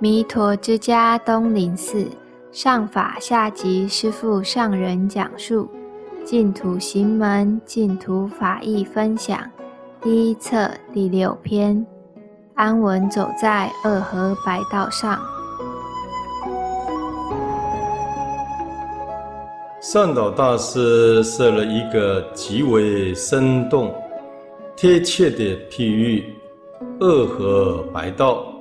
彌陀之家東林寺上法下寂師父上人講述淨土行門淨土法義分享第一冊第六篇安穩走在二河白道上。善導大師設了一個極為生動貼切的譬喻，二河白道。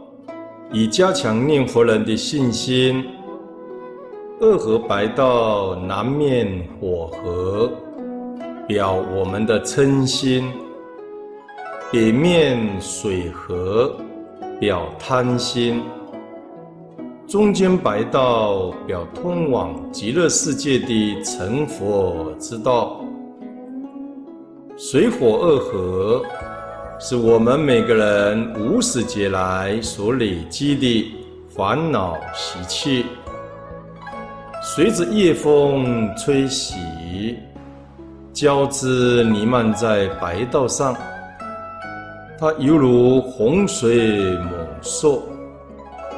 以加強念佛人的信心，二河白道南面火河表我們的嗔心；北面水河表貪心；中間白道表通往極樂世界的成佛之道。水火二河。是我們每個人無始劫來所累積的煩惱習氣，隨着夜風吹襲，交織彌漫在白道上。它猶如洪水猛獸，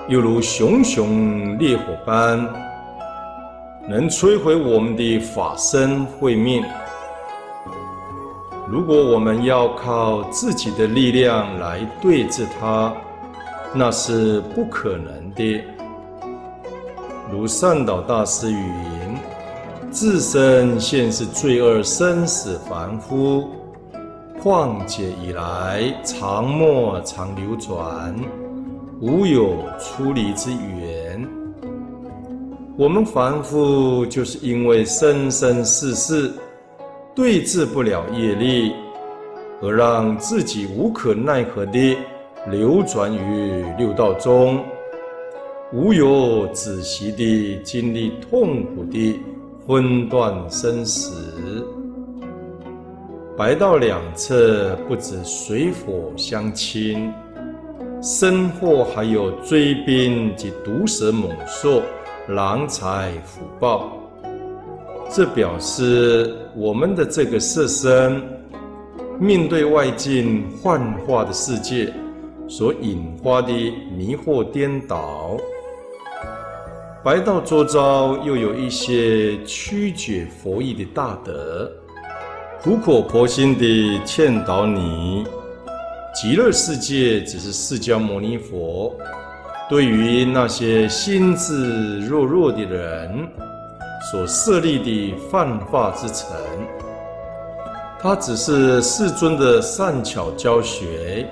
猶如熊熊烈火般，能摧毀我們的法身慧命。如果我們要靠自己的力量來對治它，那是不可能的。如善導大師言云：“自身現是罪惡生死凡夫，曠劫以來常沒常流轉，無有出離之緣。”我們凡夫就是因為生生世世。對治不了業力，而讓自己無可奈何地流轉於六道中，無有止息地經歷痛苦的分段生死。白道兩側不止水火相侵，身後還有追兵及毒蛇猛獸、狼豺虎豹。這表示我們的這個色身面對外境幻化的世界所引發的迷惑顛倒，白道周遭又有一些曲解佛意的大德，苦口婆心的勸導你：極樂世界只是釋迦牟尼佛對於那些心智弱弱的人。所設立的泛化之城，它只是世尊的善巧教學。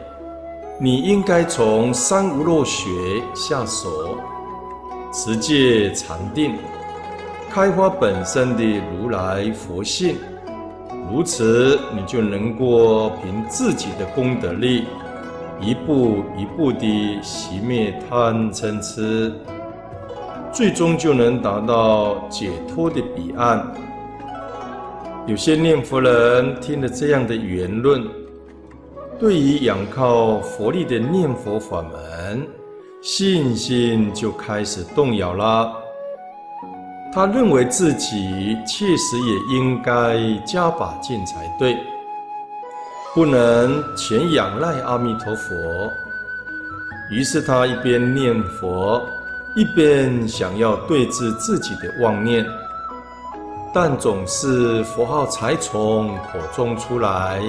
你應該從三無漏學下手，持戒、禪定，開發本身的如來佛性。如此，你就能夠憑自己的功德力，一步一步地熄滅貪嗔癡。最終就能達到解脫的彼岸。有些念佛人聽了這樣的言論，對於仰靠佛力的念佛法門，信心就開始動搖了。他認為自己確實也應該加把勁才對，不能全仰賴阿彌陀佛。於是他一邊念佛，一邊想要對治自己的妄念，但總是佛號才從口中出來，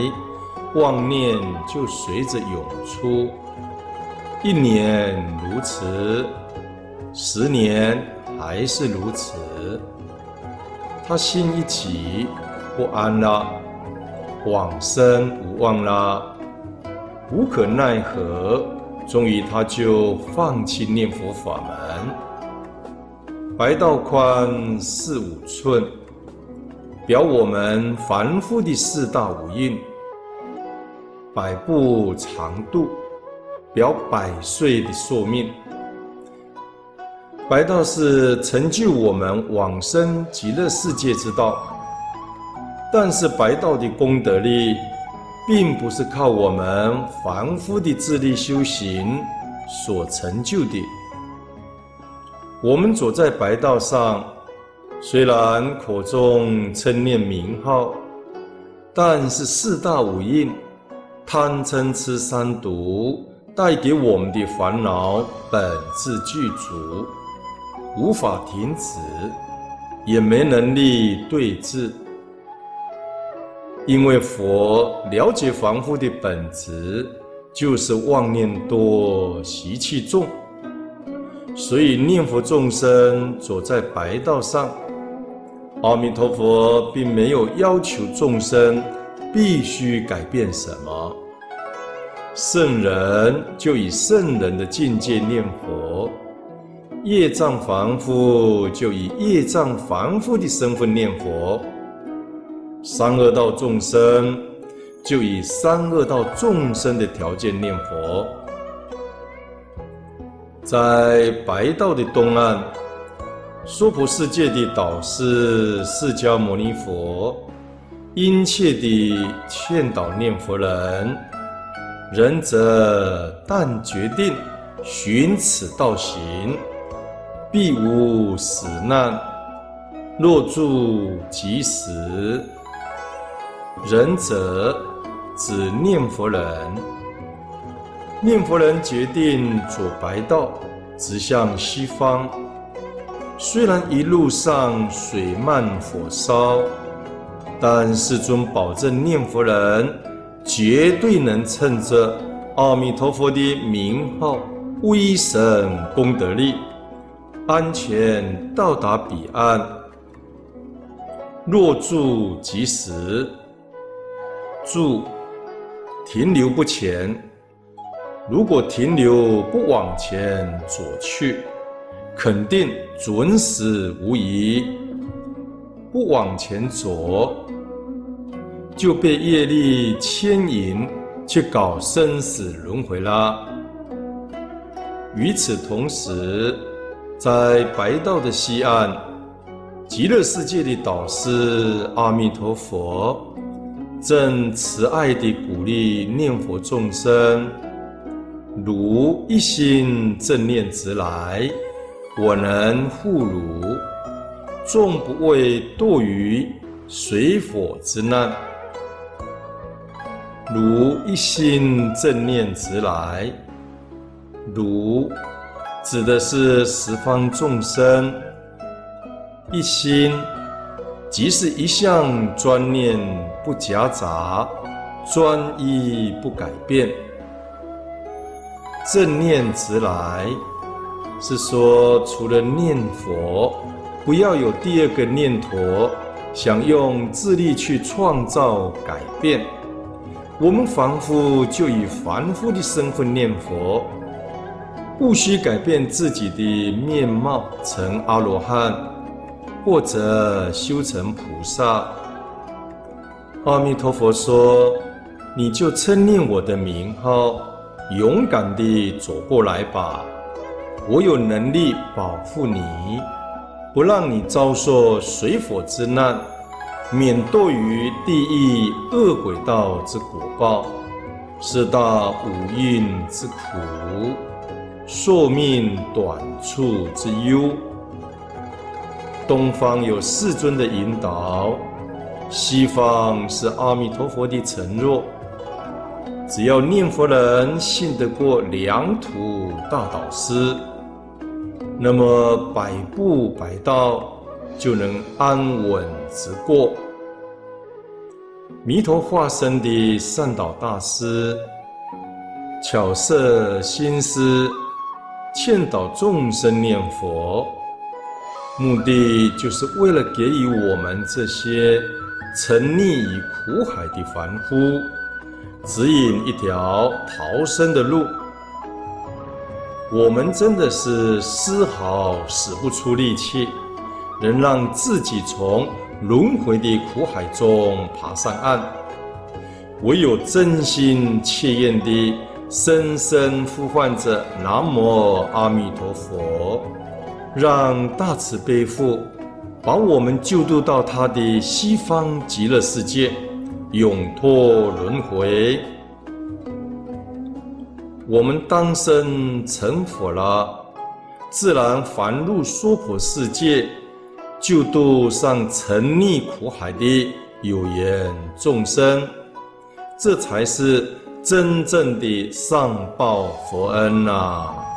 妄念就隨着湧出。一年如此，十年還是如此。他心一急，不安了，往生無望了，無可奈何。終於，他就放棄念佛法門。白道寬四五寸，表我們凡夫的四大五蘊，百步長度，表百歲的壽命。白道是成就我們往生極樂世界之道，但是白道的功德力。並不是靠我們凡夫的自力修行所成就的。我們走在白道上，雖然口中稱念名號，但是四大五蘊，貪嗔癡三毒帶給我們的煩惱本自具足，無法停止，也沒能力對治。因為佛了解凡夫的本質，就是妄念多、習氣重，所以念佛眾生走在白道上，阿彌陀佛並沒有要求眾生必須改變什麼。聖人就以聖人的境界念佛，業障凡夫就以業障凡夫的身份念佛。三惡道眾生，就以三惡道眾生的條件念佛。在白道的東岸，娑婆世界的導師釋迦牟尼佛殷切地勸導念佛人：仁者但決定尋此道行，必無死難；若住即死。仁者指念佛人，念佛人決定走白道，直向西方。雖然一路上水漫火燒，但世尊保證念佛人絕對能乘着阿彌陀佛的名號、威神功德力，安全到達彼岸，若住即時。住，停留不前。如果停留不往前走去，肯定準死無疑不往前走，就被業力牽引去搞生死輪回了。與此同時，在白道的西岸，極樂世界的導師阿彌陀佛，正慈愛的鼓勵念佛眾生，汝一心正念直來，我能護汝，終不畏墮於水火之難。汝一心正念直來，汝指的是十方眾生一心。即是一向專念不夾雜，專一不改變，正念直來，是說除了念佛，不要有第二個念頭，想用智力去創造改變。我們凡夫就以凡夫的身份念佛，不需改變自己的面貌，成阿羅漢。或者修成菩薩，阿彌陀佛說：“你就稱念我的名號，勇敢地走過來吧。我有能力保護你，不讓你遭受水火之難，免墮於地獄惡鬼道之果報，四大五蘊之苦，壽命短促之憂。”東方有世尊的引導，西方是阿彌陀佛的承諾。只要念佛人信得過兩土大導師，那麼百步白道就能安穩直過。彌陀化身的善導大師，巧設心思，勸導眾生念佛。目的就是為了給予我們這些沉溺於苦海的凡夫，指引一條逃生的路。我們真的是絲毫使不出力氣，能讓自己從輪回的苦海中爬上岸，唯有真心切願的深深呼喚着南無阿彌陀佛。讓大慈悲父把我們救渡到他的西方極樂世界，永脫輪回。我們當身成佛了，自然還入娑婆世界，救渡上沉溺苦海的有緣眾生，這才是真正的上報佛恩吶啊。